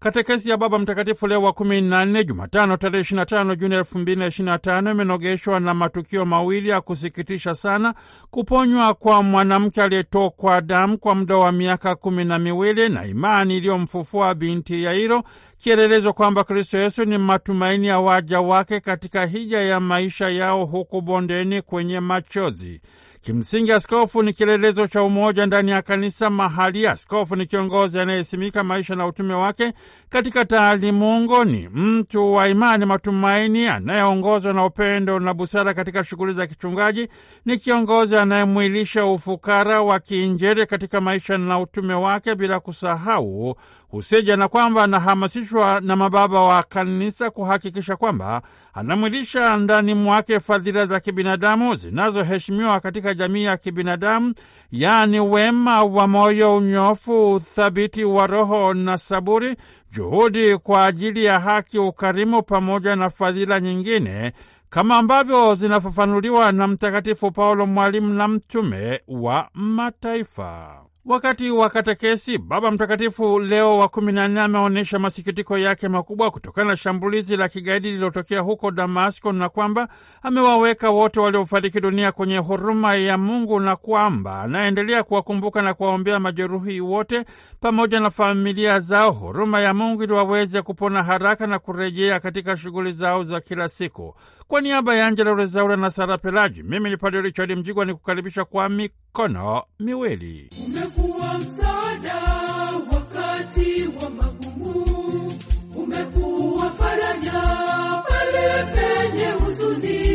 Katekesi ya Baba Mtakatifu Leo wa kumi na nne, Jumatano tarehe ishirini na tano Juni elfu mbili na na tano imenogeshwa na matukio mawili ya kusikitisha sana: kuponywa kwa mwanamke aliyetokwa damu kwa muda wa miaka kumi na miwili na imani iliyomfufua binti Yairo, kielelezo kwamba Kristo Yesu ni matumaini ya waja wake katika hija ya maisha yao huku bondeni kwenye machozi. Kimsingi, askofu ni kielelezo cha umoja ndani ya kanisa mahali. Askofu ni kiongozi anayesimika maisha na utume wake katika taalimungu. Ni mtu wa imani, matumaini, anayeongozwa na upendo na busara katika shughuli za kichungaji. Ni kiongozi anayemwilisha ufukara wa kiinjili katika maisha na utume wake, bila kusahau husija na kwamba anahamasishwa na mababa wa kanisa kuhakikisha kwamba anamwilisha ndani mwake fadhila za kibinadamu zinazoheshimiwa katika jamii ya kibinadamu, yaani wema wa moyo, unyofu, uthabiti wa roho na saburi, juhudi kwa ajili ya haki, ukarimu, pamoja na fadhila nyingine kama ambavyo zinafafanuliwa na Mtakatifu Paulo, mwalimu na mtume wa mataifa. Wakati wa katekesi, Baba Mtakatifu Leo wa kumi na nne ameonyesha masikitiko yake makubwa kutokana na shambulizi la kigaidi lililotokea huko damasco na kwamba amewaweka wote waliofariki dunia kwenye huruma ya Mungu, na kwamba anaendelea kuwakumbuka na kuwaombea majeruhi wote pamoja na familia zao, huruma ya Mungu ili waweze kupona haraka na kurejea katika shughuli zao za kila siku. Kwa niaba ya Angela Rezaura na Sara Pelaji, mimi ni Padre Richard Mjigwa ni kukaribisha kwa mikono miwili. Umekuwa msaada wakati wa magumu, umekuwa faraja pale penye huzuni.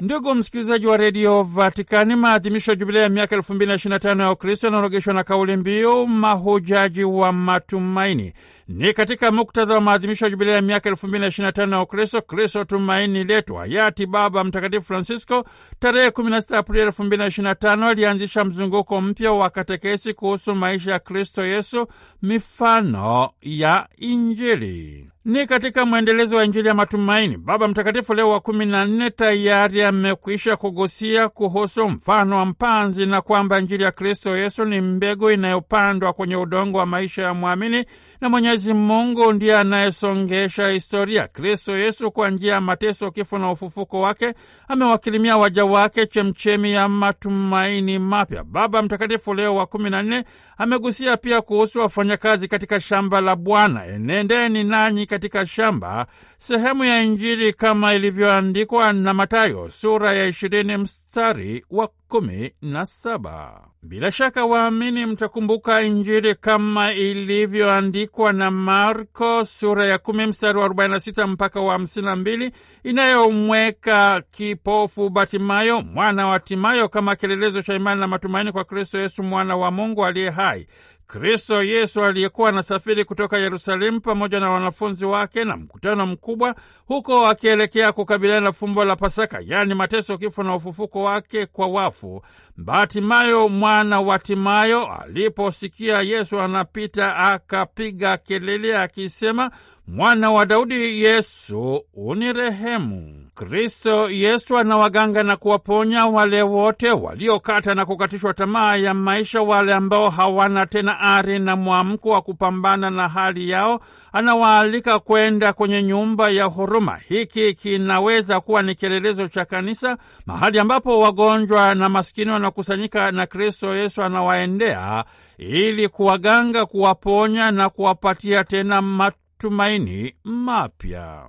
Ndugu msikilizaji wa redio Vatikani, maadhimisho ya jubilei ya miaka elfu mbili na ishirini na tano ya Ukristo yanaorogeshwa na kauli mbiu mahujaji wa matumaini. Ni katika muktadha wa maadhimisho ya jubilei ya miaka elfu mbili na ishirini na tano ya Ukristo, Kristo tumaini letu, hayati Baba Mtakatifu Francisco tarehe 16 Aprili elfu mbili na ishirini na tano alianzisha mzunguko mpya wa katekesi kuhusu maisha ya Kristo Yesu, mifano ya Injili. Ni katika mwendelezo wa Injili ya matumaini, Baba Mtakatifu Leo wa kumi na nne tayari amekwisha kugusia kuhusu mfano wa mpanzi na kwamba Injili ya Kristo Yesu ni mbegu inayopandwa kwenye udongo wa maisha ya mwamini na Mwenyezi Mwenyezi Mungu ndiye anayesongesha historia. Kristo Yesu kwa njia ya mateso, kifo na ufufuko wake amewakirimia waja wake chemchemi ya matumaini mapya. Baba Mtakatifu Leo wa kumi na nne amegusia pia kuhusu wafanyakazi katika shamba la Bwana. Enendeni nanyi katika shamba, sehemu ya Injili kama ilivyoandikwa na Matayo sura ya ishirini mstari wa kumi na saba. Bila shaka waamini mtakumbuka Injili kama ilivyoandikwa na Marko sura ya kumi mstari wa arobaini na sita mpaka wa hamsini na mbili inayomweka kipofu Batimayo mwana wa Timayo kama kielelezo cha imani na matumaini kwa Kristo Yesu mwana wa Mungu aliye hai. Kristo Yesu aliyekuwa anasafiri kutoka Yerusalemu pamoja na wanafunzi wake na mkutano mkubwa, huko akielekea kukabiliana na fumbo la Pasaka, yaani mateso, kifo na ufufuko wake kwa wafu. Bartimayo mwana wa Timayo aliposikia Yesu anapita, akapiga kelele akisema Mwana wa Daudi, Yesu unirehemu. Kristo Yesu anawaganga na kuwaponya wale wote waliokata na kukatishwa tamaa ya maisha, wale ambao hawana tena ari na mwamko wa kupambana na hali yao. Anawaalika kwenda kwenye nyumba ya huruma. Hiki kinaweza kuwa ni kielelezo cha kanisa, mahali ambapo wagonjwa na masikini wanakusanyika na Kristo Yesu anawaendea ili kuwaganga, kuwaponya na kuwapatia tena matu matumaini mapya.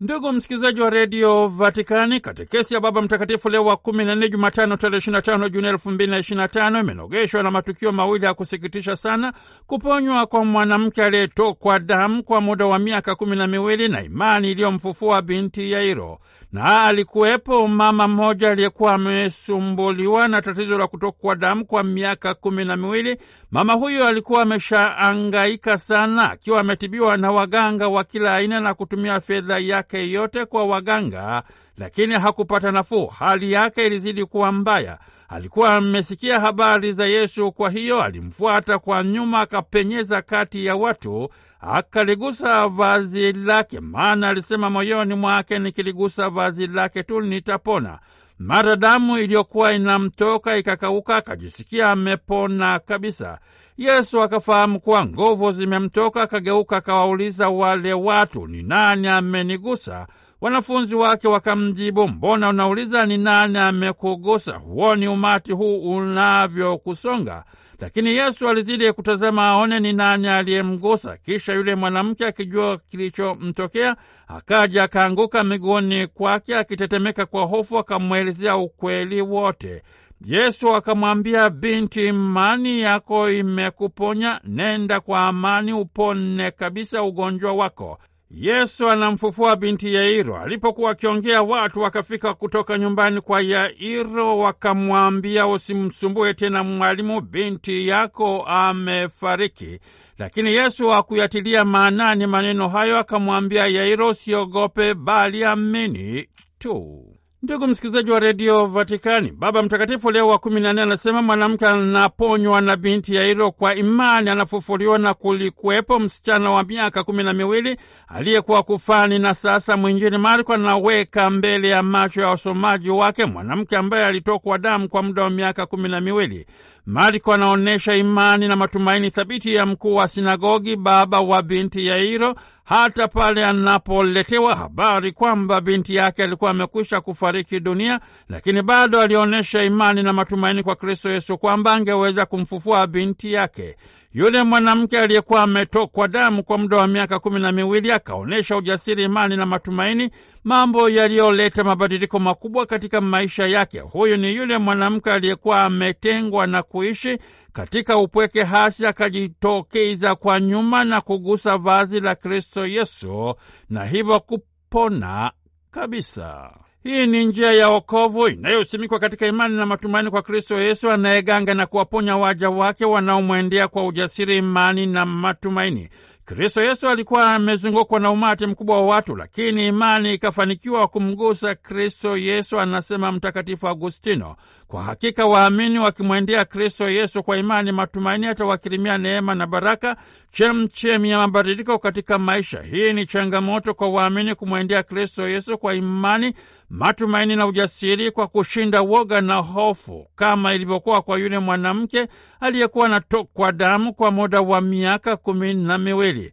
Ndugu msikilizaji wa redio Vatikani, katekesi ya Baba Mtakatifu Leo wa 14 Jumatano tarehe na Juni elfu imenogeshwa na matukio mawili ya kusikitisha sana: kuponywa kwa mwanamke aliyetokwa damu kwa muda wa miaka kumi na miwili na imani iliyomfufua binti Yairo na alikuwepo mama mmoja aliyekuwa amesumbuliwa na tatizo la kutokwa damu kwa miaka kumi na miwili. Mama huyo alikuwa ameshaangaika sana, akiwa ametibiwa na waganga wa kila aina na kutumia fedha yake yote kwa waganga, lakini hakupata nafuu. Hali yake ilizidi kuwa mbaya. Alikuwa amesikia habari za Yesu, kwa hiyo alimfuata kwa nyuma, akapenyeza kati ya watu, akaligusa vazi lake, maana alisema moyoni mwake, nikiligusa vazi lake tu nitapona. Mara damu iliyokuwa inamtoka ikakauka, akajisikia amepona kabisa. Yesu akafahamu kuwa nguvu zimemtoka, akageuka akawauliza wale watu, ni nani amenigusa? Wanafunzi wake wakamjibu, mbona unauliza ni nani amekugusa? Huoni umati huu unavyokusonga? Lakini Yesu alizidi kutazama aone ni nani aliyemgusa. Kisha yule mwanamke akijua kilichomtokea, akaja akaanguka miguuni kwake akitetemeka kwa hofu, akamwelezea ukweli wote. Yesu akamwambia, binti, imani yako imekuponya, nenda kwa amani, upone kabisa ugonjwa wako. Yesu anamfufua binti Yairo. Alipokuwa akiongea, watu wakafika kutoka nyumbani kwa Yairo, wakamwambia, usimsumbue tena mwalimu, binti yako amefariki. Lakini Yesu hakuyatilia maanani maneno hayo, akamwambia Yairo, usiogope, bali amini tu. Ndugu msikilizaji wa redio Vatikani, Baba Mtakatifu Leo wa kumi na nne anasema mwanamke anaponywa na binti Yairo kwa imani anafufuliwa, na kulikuwepo msichana wa miaka kumi na miwili aliyekuwa kufani, na sasa mwinjini. Marko anaweka mbele ya macho ya wasomaji wake mwanamke ambaye alitokwa damu kwa muda wa miaka kumi na miwili mariko anaonyesha imani na matumaini thabiti ya mkuu wa sinagogi, baba wa binti Yairo, hata pale anapoletewa habari kwamba binti yake alikuwa amekwisha kufariki dunia, lakini bado alionyesha imani na matumaini kwa Kristo Yesu kwamba angeweza kumfufua binti yake. Yule mwanamke aliyekuwa ametokwa damu kwa muda wa miaka kumi na miwili akaonyesha ujasiri, imani na matumaini mambo yaliyoleta mabadiliko makubwa katika maisha yake. Huyu ni yule mwanamke aliyekuwa ametengwa na kuishi katika upweke hasi, akajitokeza kwa nyuma na kugusa vazi la Kristo Yesu na hivyo kupona kabisa. Hii ni njia ya wokovu inayosimikwa katika imani na matumaini kwa Kristo Yesu anayeganga na kuwaponya waja wake wanaomwendea kwa ujasiri, imani na matumaini. Kristo Yesu alikuwa amezungukwa na umati mkubwa wa watu, lakini imani ikafanikiwa kumgusa Kristo Yesu, anasema Mtakatifu Agustino. Kwa hakika waamini wakimwendea Kristo Yesu kwa imani, matumaini, atawakirimia neema na baraka, chemchemi ya mabadiliko katika maisha. Hii ni changamoto kwa waamini kumwendea Kristo Yesu kwa imani, matumaini na ujasiri, kwa kushinda woga na hofu, kama ilivyokuwa kwa yule mwanamke aliyekuwa anatokwa damu kwa muda wa miaka kumi na miwili.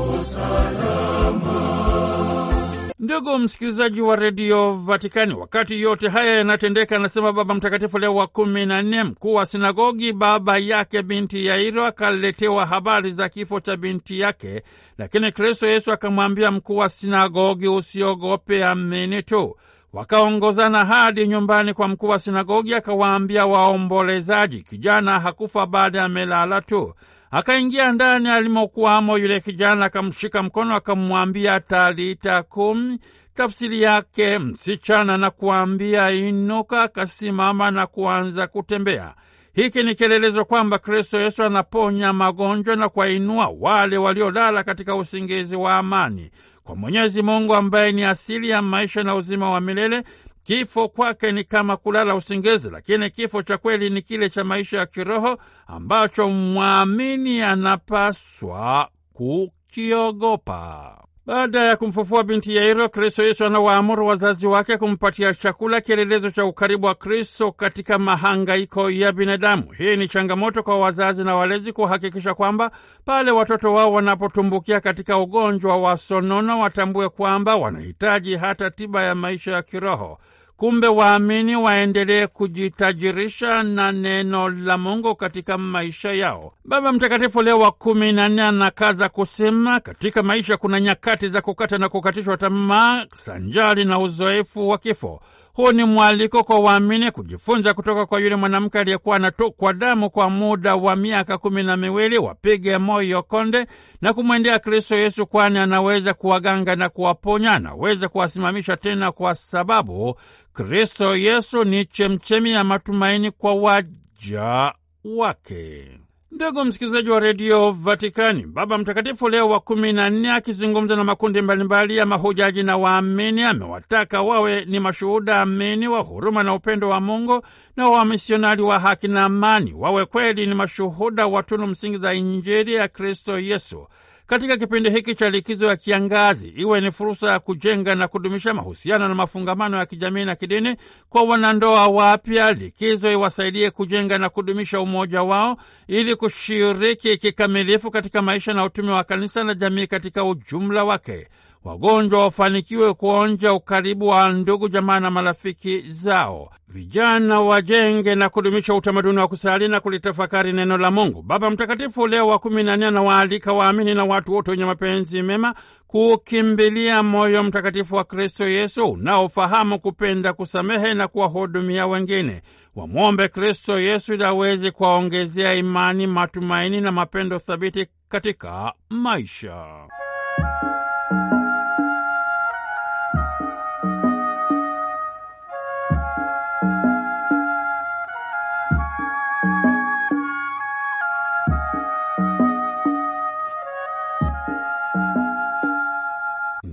Ndugu msikilizaji wa redio Vatikani, wakati yote haya yanatendeka, anasema Baba Mtakatifu Leo wa kumi na nne, mkuu wa sinagogi baba yake binti Yairo akaletewa habari za kifo cha binti yake, lakini Kristo Yesu akamwambia mkuu wa sinagogi, usiogope, amini tu. Wakaongozana hadi nyumbani kwa mkuu wa sinagogi, akawaambia waombolezaji, kijana hakufa, baada ya melala tu. Akaingia ndani alimokuwamo yule kijana, akamshika mkono, akamwambia talita kumi, tafsiri yake msichana, na kuambia inuka. Akasimama na kuanza kutembea. Hiki ni kielelezo kwamba Kristo Yesu anaponya magonjwa na kuwainua wale waliolala katika usingizi wa amani. Kwa Mwenyezi Mungu ambaye ni asili ya maisha na uzima wa milele, Kifo kwake ni kama kulala usingizi, lakini kifo cha kweli ni kile cha maisha ya kiroho ambacho mwamini anapaswa kukiogopa. Baada ya kumfufua binti Yairo, Kristo Yesu anawaamuru wazazi wake kumpatia chakula, kielelezo cha ukaribu wa Kristo katika mahangaiko ya binadamu. Hii ni changamoto kwa wazazi na walezi kuhakikisha kwamba pale watoto wao wanapotumbukia katika ugonjwa wa sonono, watambue kwamba wanahitaji hata tiba ya maisha ya kiroho. Kumbe waamini waendelee kujitajirisha na neno la Mungu katika maisha yao. Baba Mtakatifu Leo wa kumi na nne anakaza kusema, katika maisha kuna nyakati za kukata na kukatishwa tamaa sanjari na uzoefu wa kifo. Huu ni mwaliko kwa waamini kujifunza kutoka kwa yule mwanamke aliyekuwa anatokwa damu kwa muda wa miaka kumi na miwili. Wapige moyo konde na kumwendea Kristo Yesu, kwani anaweza kuwaganga na kuwaponya, anaweza kuwasimamisha tena, kwa sababu Kristo Yesu ni chemchemi ya matumaini kwa waja wake. Ndugu msikilizaji wa redio Vatikani, Baba Mtakatifu Leo wa kumi na nne akizungumza na makundi mbalimbali ya mahujaji na waamini amewataka wawe ni mashuhuda amini wa huruma na upendo wa Mungu na wamisionari wa haki na amani, wawe kweli ni mashuhuda wa tunu msingi za Injili ya Kristo Yesu katika kipindi hiki cha likizo ya kiangazi iwe ni fursa ya kujenga na kudumisha mahusiano na mafungamano ya kijamii na kidini kwa wanandoa wapya. Likizo iwasaidie kujenga na kudumisha umoja wao ili kushiriki kikamilifu katika maisha na utume wa kanisa na jamii katika ujumla wake wagonjwa wafanikiwe kuonja ukaribu wa ndugu jamaa na marafiki zao, vijana wajenge na kudumisha utamaduni wa kusali na kulitafakari neno la Mungu. Baba Mtakatifu Leo wa kumi na nne anawaalika waamini na watu wote wenye mapenzi mema kuukimbilia moyo mtakatifu wa Kristo Yesu unaofahamu kupenda, kusamehe na kuwahudumia wengine. Wamwombe Kristo Yesu ili aweze kuwaongezea imani, matumaini na mapendo thabiti katika maisha.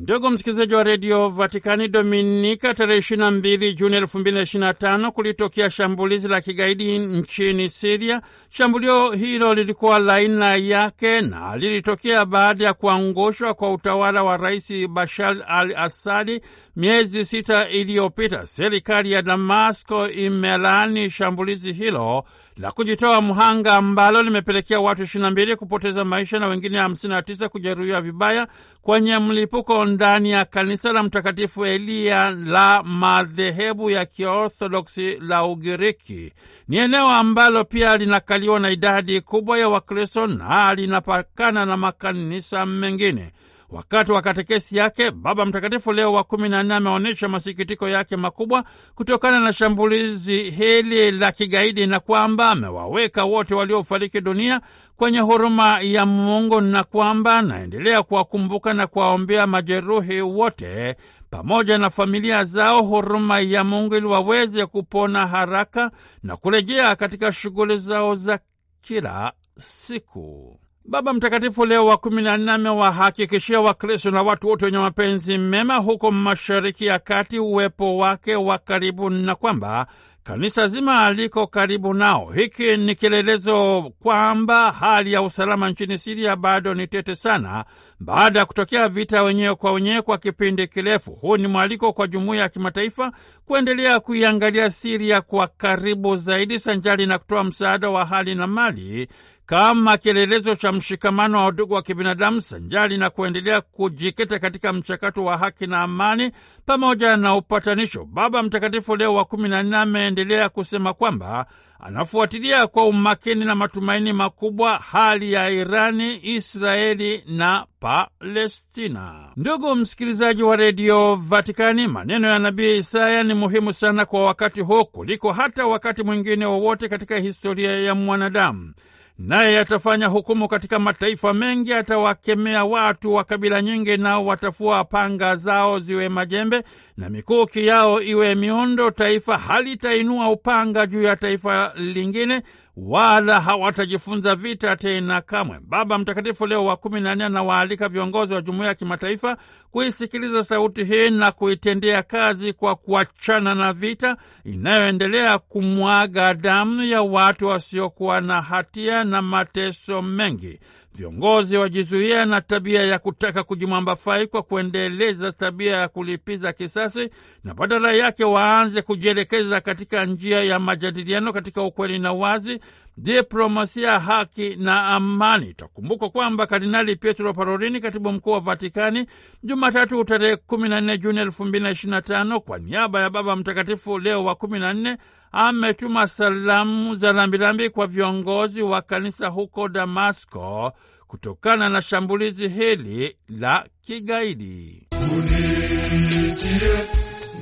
Ndugu msikilizaji wa redio Vatikani, Dominika tarehe 22 Juni 2025 kulitokea shambulizi la kigaidi nchini Siria. Shambulio hilo lilikuwa la aina yake na lilitokea baada ya kuangushwa kwa utawala wa Rais Bashar al Assadi miezi sita iliyopita. Serikali ya Damasko imelaani shambulizi hilo la kujitoa mhanga ambalo limepelekea watu 22 kupoteza maisha na wengine 59 kujeruhiwa vibaya kwenye mlipuko ndani ya kanisa la Mtakatifu Eliya la madhehebu ya Kiorthodoksi la Ugiriki. Ni eneo ambalo pia linakaliwa na idadi kubwa ya Wakristo na linapakana na makanisa mengine. Wakati wa katekesi yake, Baba Mtakatifu Leo wa kumi na nne ameonyesha masikitiko yake makubwa kutokana na shambulizi hili la kigaidi na kwamba amewaweka wote waliofariki dunia kwenye huruma ya Mungu na kwamba naendelea kuwakumbuka na kuwaombea majeruhi wote pamoja na familia zao, huruma ya Mungu ili waweze kupona haraka na kurejea katika shughuli zao za kila siku. Baba Mtakatifu Leo wa kumi na nne amewahakikishia Wakristo na watu wote wenye mapenzi mema huko Mashariki ya Kati uwepo wake wa karibu na kwamba kanisa zima aliko karibu nao. Hiki ni kielelezo kwamba hali ya usalama nchini Siria bado ni tete sana, baada ya kutokea vita wenyewe kwa wenyewe kwa kipindi kirefu. Huu ni mwaliko kwa jumuiya ya kimataifa kuendelea kuiangalia Siria kwa karibu zaidi, sanjari na kutoa msaada wa hali na mali kama kielelezo cha mshikamano wa udugu wa kibinadamu sanjali na kuendelea kujikita katika mchakato wa haki na amani pamoja na upatanisho. Baba Mtakatifu Leo wa kumi na nne ameendelea kusema kwamba anafuatilia kwa umakini na matumaini makubwa hali ya Irani, Israeli na Palestina. Ndugu msikilizaji wa redio Vatikani, maneno ya nabii Isaya ni muhimu sana kwa wakati huu kuliko hata wakati mwingine wowote katika historia ya mwanadamu naye atafanya hukumu katika mataifa mengi, atawakemea watu wa kabila nyingi, nao watafua panga zao ziwe majembe na mikuki yao iwe miondo. Taifa halitainua upanga juu ya taifa lingine, wala hawatajifunza vita tena kamwe. Baba Mtakatifu Leo wa kumi na nne anawaalika viongozi wa jumuiya ya kimataifa kuisikiliza sauti hii na kuitendea kazi kwa kuachana na vita inayoendelea kumwaga damu ya watu wasiokuwa na hatia na mateso mengi. Viongozi wajizuia na tabia ya kutaka kujimwambafai kwa kuendeleza tabia ya kulipiza kisasi na badala yake waanze kujielekeza katika njia ya majadiliano katika ukweli na wazi, diplomasia, haki na amani. Itakumbukwa kwamba Kardinali Pietro Parolini, katibu mkuu wa Vatikani, Jumatatu tarehe 14 Juni 2025 kwa niaba ya Baba Mtakatifu Leo wa 14 ametuma salamu za rambirambi kwa viongozi wa kanisa huko Damasko kutokana na shambulizi hili la kigaidi. Unitie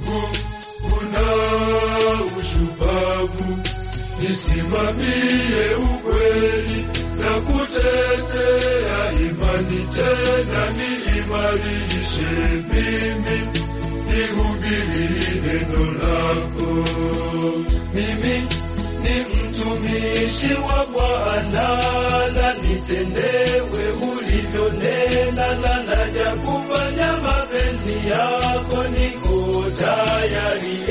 nguvu na ushupavu nisimamie ukweli na kutetea imani, tena niimarishe mimi, nihubiri neno lako. Mimi ni mtumishi wa Bwana, na nitendewe ulivyonena, na naja kufanya mapenzi yako, niko tayari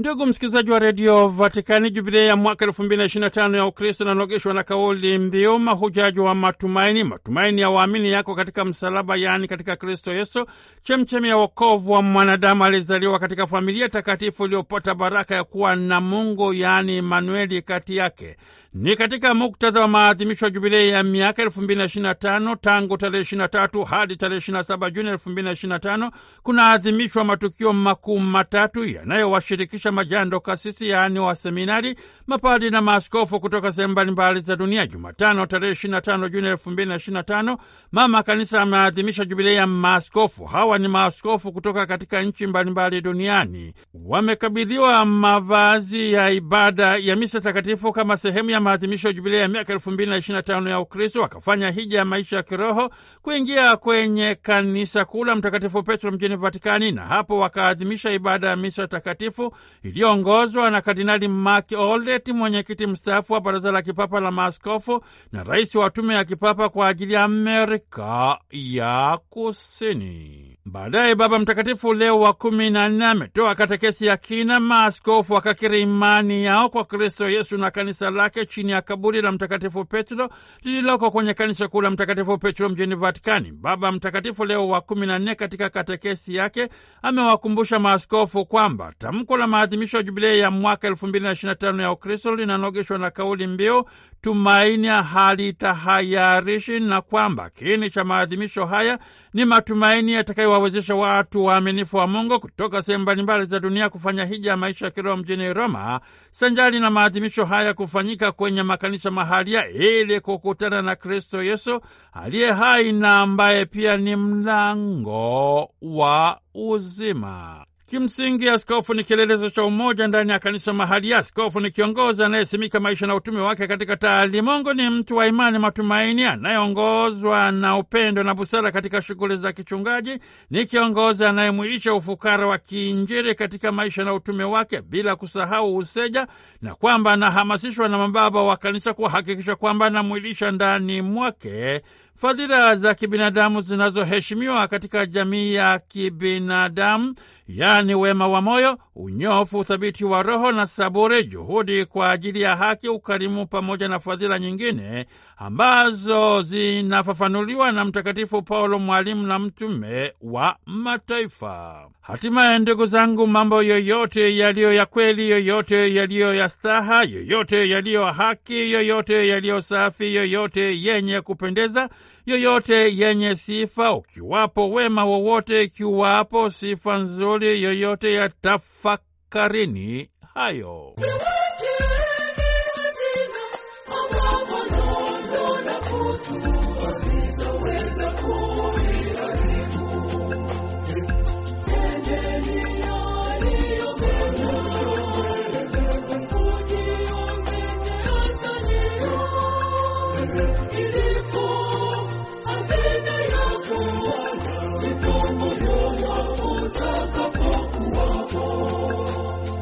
Ndugu msikilizaji wa redio Vatikani, jubilei ya mwaka elfu mbili na ishirini na tano ya Ukristo inanogeshwa na kauli mbiu mahujaji wa matumaini, matumaini ya waamini yako katika msalaba, yaani katika Kristo Yesu, chemchemi ya wokovu wa mwanadamu alizaliwa katika familia takatifu iliyopata baraka ya kuwa na Mungu, yaani Emanueli, kati yake. Ni katika muktadha wa maadhimisho ya jubilei ya miaka 2025 tangu tarehe 23 hadi tarehe 27 Juni 2025 kunaadhimishwa matukio makuu matatu yanayowashirikisha majando kasisi, yaani waseminari, mapadi na maaskofu kutoka sehemu mbalimbali za dunia. Jumatano tarehe 25 Juni 2025 mama kanisa ameadhimisha jubilei ya maaskofu. Hawa ni maaskofu kutoka katika nchi mbalimbali duniani, wamekabidhiwa mavazi ya ibada ya misa takatifu kama sehemu ya maadhimisho ya jubilia ya miaka elfu mbili na ishirini na tano ya Ukristo wakafanya hija ya maisha ya kiroho kuingia kwenye kanisa kuu la Mtakatifu Petro mjini Vatikani, na hapo wakaadhimisha ibada ya misa takatifu iliyoongozwa na Kardinali Mark Oldett, mwenyekiti mstaafu wa Baraza la Kipapa la Maaskofu na rais wa Tume ya Kipapa kwa ajili ya Amerika ya Kusini. Baadaye Baba Mtakatifu Leo wa kumi na nne ametoa katekesi ya kina, maaskofu wakakiri imani yao kwa Kristo Yesu na kanisa lake chini ya kaburi la Mtakatifu Petro lililoko kwenye kanisa kuu la Mtakatifu Petro mjini Vatikani. Baba Mtakatifu Leo wa kumi na nne katika katekesi yake amewakumbusha maaskofu kwamba tamko la maadhimisho ya Jubilei ya mwaka elfu mbili na ishirini na tano ya Ukristo linanogeshwa na kauli mbiu tumaini halitahayarishi, na kwamba kiini cha maadhimisho haya ni matumaini yatakayo wawezesha watu waaminifu wa Mungu kutoka sehemu mbalimbali za dunia kufanya hija ya maisha ya kiroho mjini Roma, sanjari na maadhimisho haya kufanyika kwenye makanisa mahalia ili kukutana na Kristo Yesu aliye hai na ambaye pia ni mlango wa uzima. Kimsingi, askofu ni kielelezo cha umoja ndani ya kanisa mahali. Askofu ni kiongozi anayesimika maisha na utume wake katika taalimongo. Ni mtu wa imani, matumaini, anayeongozwa na upendo na busara katika shughuli za kichungaji. Ni kiongozi anayemwilisha ufukara wa kiinjili katika maisha na utume wake, bila kusahau useja, na kwamba anahamasishwa na mababa wa kanisa kuhakikisha kwamba anamwilisha ndani mwake fadhila za kibinadamu zinazoheshimiwa katika jamii ya kibinadamu, yaani wema wa moyo, unyofu, uthabiti wa roho na saburi, juhudi kwa ajili ya haki, ukarimu, pamoja na fadhila nyingine ambazo zinafafanuliwa na Mtakatifu Paulo, mwalimu na mtume wa mataifa. Hatimaye ndugu zangu, mambo yoyote yaliyo ya kweli, yoyote yaliyo ya staha, yoyote yaliyo haki, yoyote yaliyo safi, yoyote yenye kupendeza, yoyote yenye sifa, ukiwapo wema wowote, ikiwapo sifa nzuri yoyote, yatafakarini hayo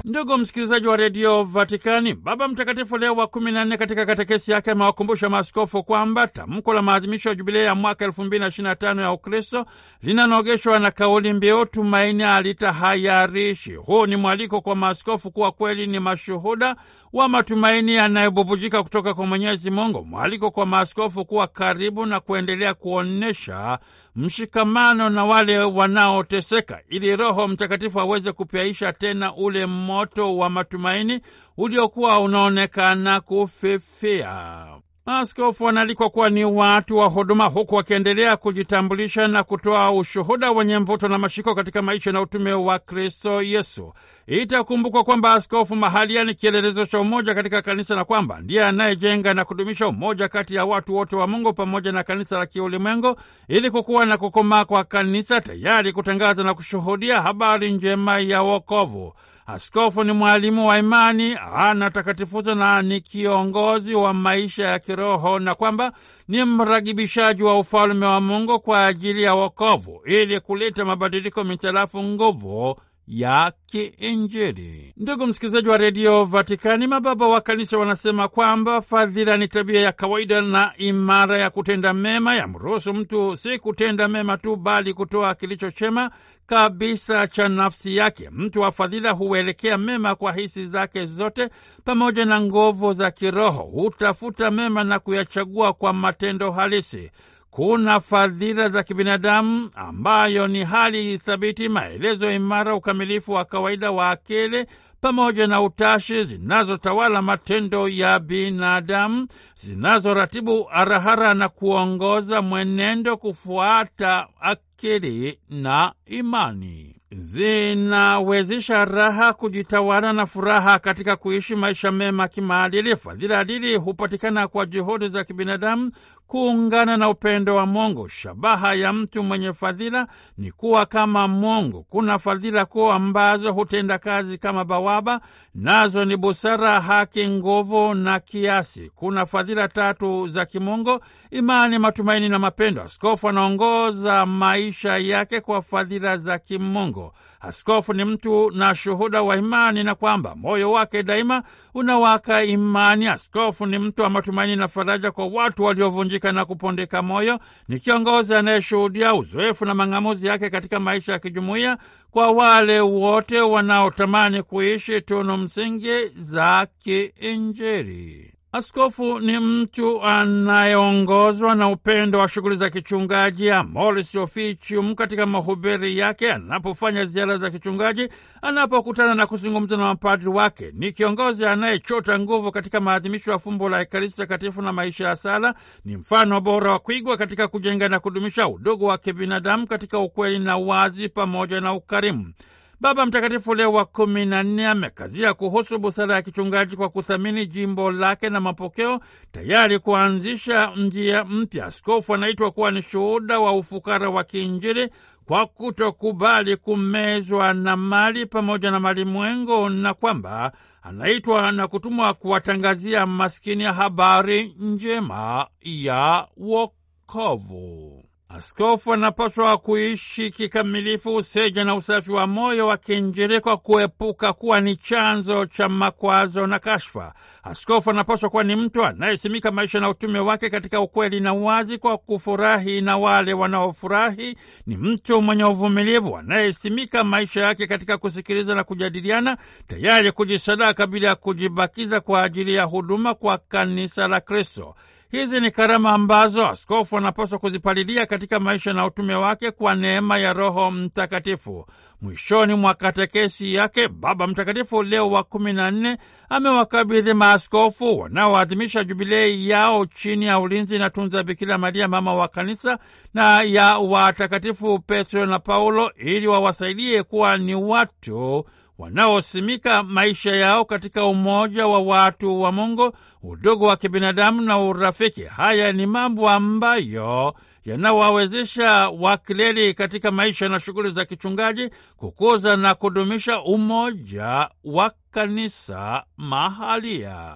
Ndugu msikilizaji wa redio Vatikani, Baba Mtakatifu Leo wa kumi na nne katika katekesi yake amewakumbusha maaskofu kwamba tamko la maadhimisho ya jubilei ya mwaka elfu mbili na ishirini na tano ya Ukristo linanogeshwa na kauli mbiu tumaini alitahayarishi. Huu ni mwaliko kwa maaskofu kuwa kweli ni mashuhuda wa matumaini yanayobubujika kutoka kwa Mwenyezi Mungu, mwaliko kwa maaskofu kuwa karibu na kuendelea kuonyesha mshikamano na wale wanaoteseka, ili Roho Mtakatifu aweze kupyaisha tena ule moto wa matumaini uliokuwa unaonekana kufifia askofu wanaalikwa kuwa ni watu wa huduma, huku wakiendelea kujitambulisha na kutoa ushuhuda wenye mvuto na mashiko katika maisha na utume wa Kristo Yesu. Itakumbukwa kwamba askofu mahalia ni kielelezo cha umoja katika kanisa na kwamba ndiye anayejenga na kudumisha umoja kati ya watu wote wa Mungu pamoja na kanisa la kiulimwengu, ili kukuwa na kukomaa kwa kanisa, tayari kutangaza na kushuhudia habari njema ya wokovu. Askofu ni mwalimu wa imani, anatakatifuza na ni kiongozi wa maisha ya kiroho, na kwamba ni mragibishaji wa ufalme wa Mungu kwa ajili ya wokovu, ili kuleta mabadiliko mitarafu nguvu ya kiinjili. Ndugu msikilizaji wa redio Vatikani, mababa wa kanisa wanasema kwamba fadhila ni tabia ya kawaida na imara ya kutenda mema, yamruhusu mtu si kutenda mema tu, bali kutoa kilicho chema kabisa cha nafsi yake. Mtu wa fadhila huelekea mema kwa hisi zake zote pamoja na nguvu za kiroho, hutafuta mema na kuyachagua kwa matendo halisi. Kuna fadhila za kibinadamu ambayo ni hali thabiti, maelezo imara, ukamilifu wa kawaida wa akili pamoja na utashi zinazotawala matendo ya binadamu, zinazoratibu arahara na kuongoza mwenendo kufuata akili na imani zinawezesha raha kujitawala na furaha katika kuishi maisha mema kimaadili. Fadhila adili hupatikana kwa juhudi za kibinadamu kuungana na upendo wa Mungu. Shabaha ya mtu mwenye fadhila ni kuwa kama Mungu. Kuna fadhila kuu ambazo hutenda kazi kama bawaba, nazo ni busara, haki, nguvu na kiasi. Kuna fadhila tatu za kimungu: imani, matumaini na mapendo. Askofu anaongoza maisha yake kwa fadhila za kimungu. Askofu ni mtu na shuhuda wa imani na kwamba moyo wake daima unawaka imani. Askofu ni mtu wa matumaini na faraja kwa watu waliovunjika na kupondeka moyo. Ni kiongozi anayeshuhudia uzoefu na mang'amuzi yake katika maisha ya kijumuiya kwa wale wote wanaotamani kuishi tunu msingi za kiinjili. Askofu ni mtu anayeongozwa na upendo wa shughuli za kichungaji, amoris officium, katika mahubiri yake, anapofanya ziara za kichungaji, anapokutana na kuzungumza na mapadri wake. Ni kiongozi anayechota nguvu katika maadhimisho ya fumbo la Ekaristi Takatifu na maisha ya sala. Ni mfano bora wa kuigwa katika kujenga na kudumisha udugu wa kibinadamu katika ukweli na uwazi pamoja na ukarimu. Baba Mtakatifu Leo wa kumi na nne amekazia kuhusu busara ya kichungaji kwa kuthamini jimbo lake na mapokeo, tayari kuanzisha njia mpya. Askofu anaitwa kuwa ni shuhuda wa ufukara wa kiinjili kwa kutokubali kumezwa na mali pamoja na mali mwengo, na kwamba anaitwa na kutumwa kuwatangazia maskini habari njema ya wokovu. Askofu anapaswa kuishi kikamilifu useja na usafi wa moyo wa kiinjili kwa kuepuka kuwa ni chanzo cha makwazo na kashfa. Askofu anapaswa kuwa ni mtu anayesimika maisha na utume wake katika ukweli na uwazi, kwa kufurahi na wale wanaofurahi. Ni mtu mwenye uvumilivu anayesimika maisha yake katika kusikiliza na kujadiliana, tayari kujisadaka bila ya kujibakiza kwa ajili ya huduma kwa kanisa la Kristo. Hizi ni karama ambazo askofu anapaswa kuzipalilia katika maisha na utume wake kwa neema ya Roho Mtakatifu. Mwishoni mwa katekesi yake Baba Mtakatifu Leo wa kumi na nne amewakabidhi maaskofu wanaoadhimisha jubilei yao chini ya ulinzi na tunza Bikira Maria mama wa Kanisa na ya watakatifu Petro na Paulo ili wawasaidie kuwa ni watu wanaosimika maisha yao katika umoja wa watu wa Mungu, udugu wa kibinadamu na urafiki. Haya ni mambo ambayo yanawawezesha wakileli katika maisha na shughuli za kichungaji kukuza na kudumisha umoja wa kanisa mahalia.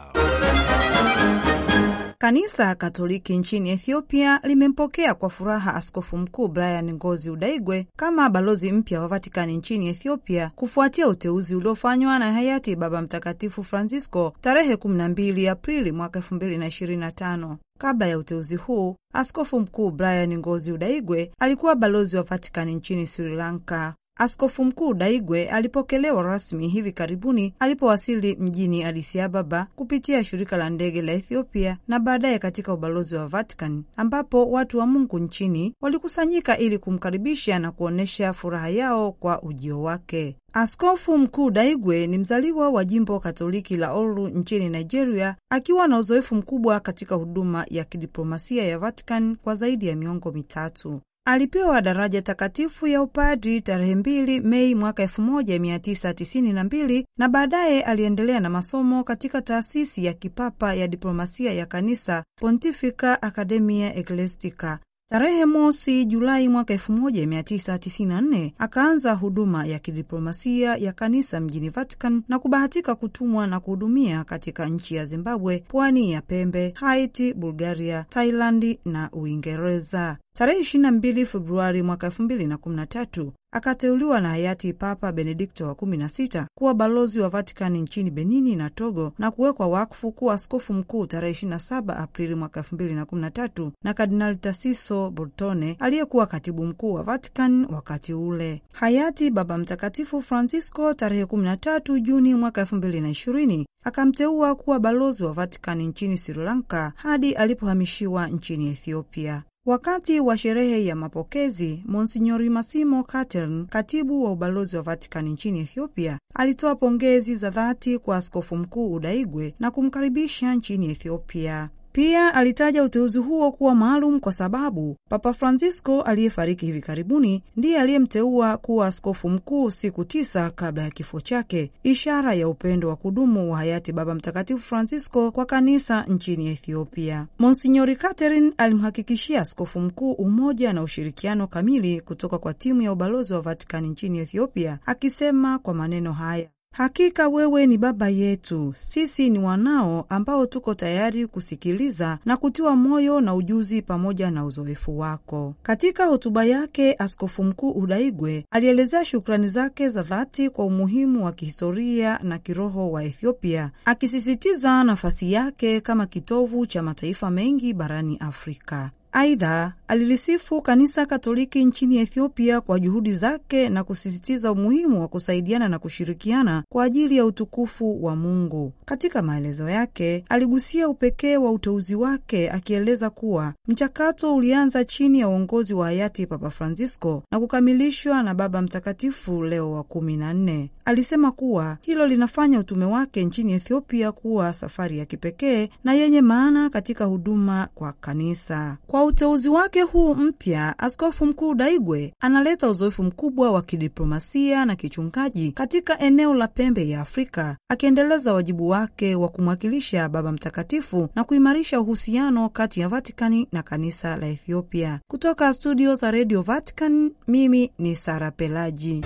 Kanisa Katoliki nchini Ethiopia limempokea kwa furaha Askofu Mkuu Brian Ngozi Udaigwe kama balozi mpya wa Vatikani nchini Ethiopia kufuatia uteuzi uliofanywa na hayati Baba Mtakatifu Francisco tarehe 12 Aprili mwaka 2025. Kabla ya uteuzi huu, askofu mkuu Brian Ngozi Udaigwe alikuwa balozi wa Vatikani nchini Sri Lanka. Askofu Mkuu Daigwe alipokelewa rasmi hivi karibuni alipowasili mjini Addis Ababa kupitia shirika la ndege la Ethiopia na baadaye katika ubalozi wa Vatican, ambapo watu wa Mungu nchini walikusanyika ili kumkaribisha na kuonyesha furaha yao kwa ujio wake. Askofu Mkuu Daigwe ni mzaliwa wa jimbo Katoliki la Oru nchini Nigeria, akiwa na uzoefu mkubwa katika huduma ya kidiplomasia ya Vatican kwa zaidi ya miongo mitatu. Alipewa daraja takatifu ya upadri tarehe 2 Mei mwaka 1992 na baadaye aliendelea na masomo katika taasisi ya kipapa ya diplomasia ya kanisa Pontifica Academia Ecclesiastica. Tarehe mosi Julai mwaka 1994 akaanza huduma ya kidiplomasia ya kanisa mjini Vatican na kubahatika kutumwa na kuhudumia katika nchi ya Zimbabwe, pwani ya Pembe, Haiti, Bulgaria, thailandi na Uingereza. Tarehe 22 Februari mwaka 2013 akateuliwa na hayati Papa Benedikto wa 16 kuwa balozi wa Vatikani nchini Benini na Togo na kuwekwa wakfu kuwa askofu mkuu tarehe 27 Aprili mwaka 2013 na Kardinali Tasiso Bortone aliyekuwa katibu mkuu wa Vatican wakati ule. Hayati Baba Mtakatifu Francisco tarehe 13 Juni mwaka 2020 akamteua kuwa balozi wa Vatikani nchini Sri Lanka hadi alipohamishiwa nchini Ethiopia. Wakati wa sherehe ya mapokezi, Monsinyori Massimo Catern, katibu wa ubalozi wa Vatican nchini Ethiopia, alitoa pongezi za dhati kwa askofu mkuu Udaigwe na kumkaribisha nchini Ethiopia. Pia alitaja uteuzi huo kuwa maalum kwa sababu Papa Francisco aliyefariki hivi karibuni ndiye aliyemteua kuwa askofu mkuu siku tisa kabla ya kifo chake, ishara ya upendo wa kudumu wa hayati Baba Mtakatifu Francisco kwa kanisa nchini Ethiopia. Monsinyori Catherine alimhakikishia askofu mkuu umoja na ushirikiano kamili kutoka kwa timu ya ubalozi wa Vatikani nchini Ethiopia, akisema kwa maneno haya: Hakika wewe ni Baba yetu, sisi ni wanao ambao tuko tayari kusikiliza na kutiwa moyo na ujuzi pamoja na uzoefu wako. Katika hotuba yake, Askofu Mkuu Udaigwe alielezea shukrani zake za dhati kwa umuhimu wa kihistoria na kiroho wa Ethiopia, akisisitiza nafasi yake kama kitovu cha mataifa mengi barani Afrika. Aidha, alilisifu kanisa Katoliki nchini Ethiopia kwa juhudi zake na kusisitiza umuhimu wa kusaidiana na kushirikiana kwa ajili ya utukufu wa Mungu. Katika maelezo yake, aligusia upekee wa uteuzi wake, akieleza kuwa mchakato ulianza chini ya uongozi wa hayati Papa Francisco na kukamilishwa na Baba Mtakatifu Leo wa kumi na nne. Alisema kuwa hilo linafanya utume wake nchini Ethiopia kuwa safari ya kipekee na yenye maana katika huduma kwa kanisa kwa uteuzi wake huu mpya, Askofu Mkuu Daigwe analeta uzoefu mkubwa wa kidiplomasia na kichungaji katika eneo la Pembe ya Afrika, akiendeleza wajibu wake wa kumwakilisha Baba Mtakatifu na kuimarisha uhusiano kati ya Vatikani na kanisa la Ethiopia. Kutoka studio za redio Vatican, mimi ni Sara Pelaji.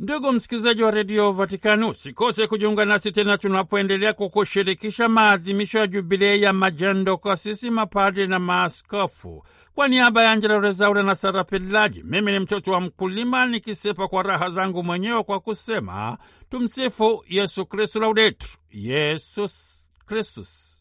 Ndugu msikilizaji wa redio Vatikani, usikose kujiunga nasi tena tunapoendelea kukushirikisha maadhimisho ya jubilei ya kwa sisi mapadri na maaskofu. Kwa niaba ya Angela Rezaura na Sara Pelaji, mimi ni mtoto wa mkulima nikisepa kwa raha zangu mwenyewe kwa kusema tumsifu Yesu Kristu, laudetur Yesus Kristus.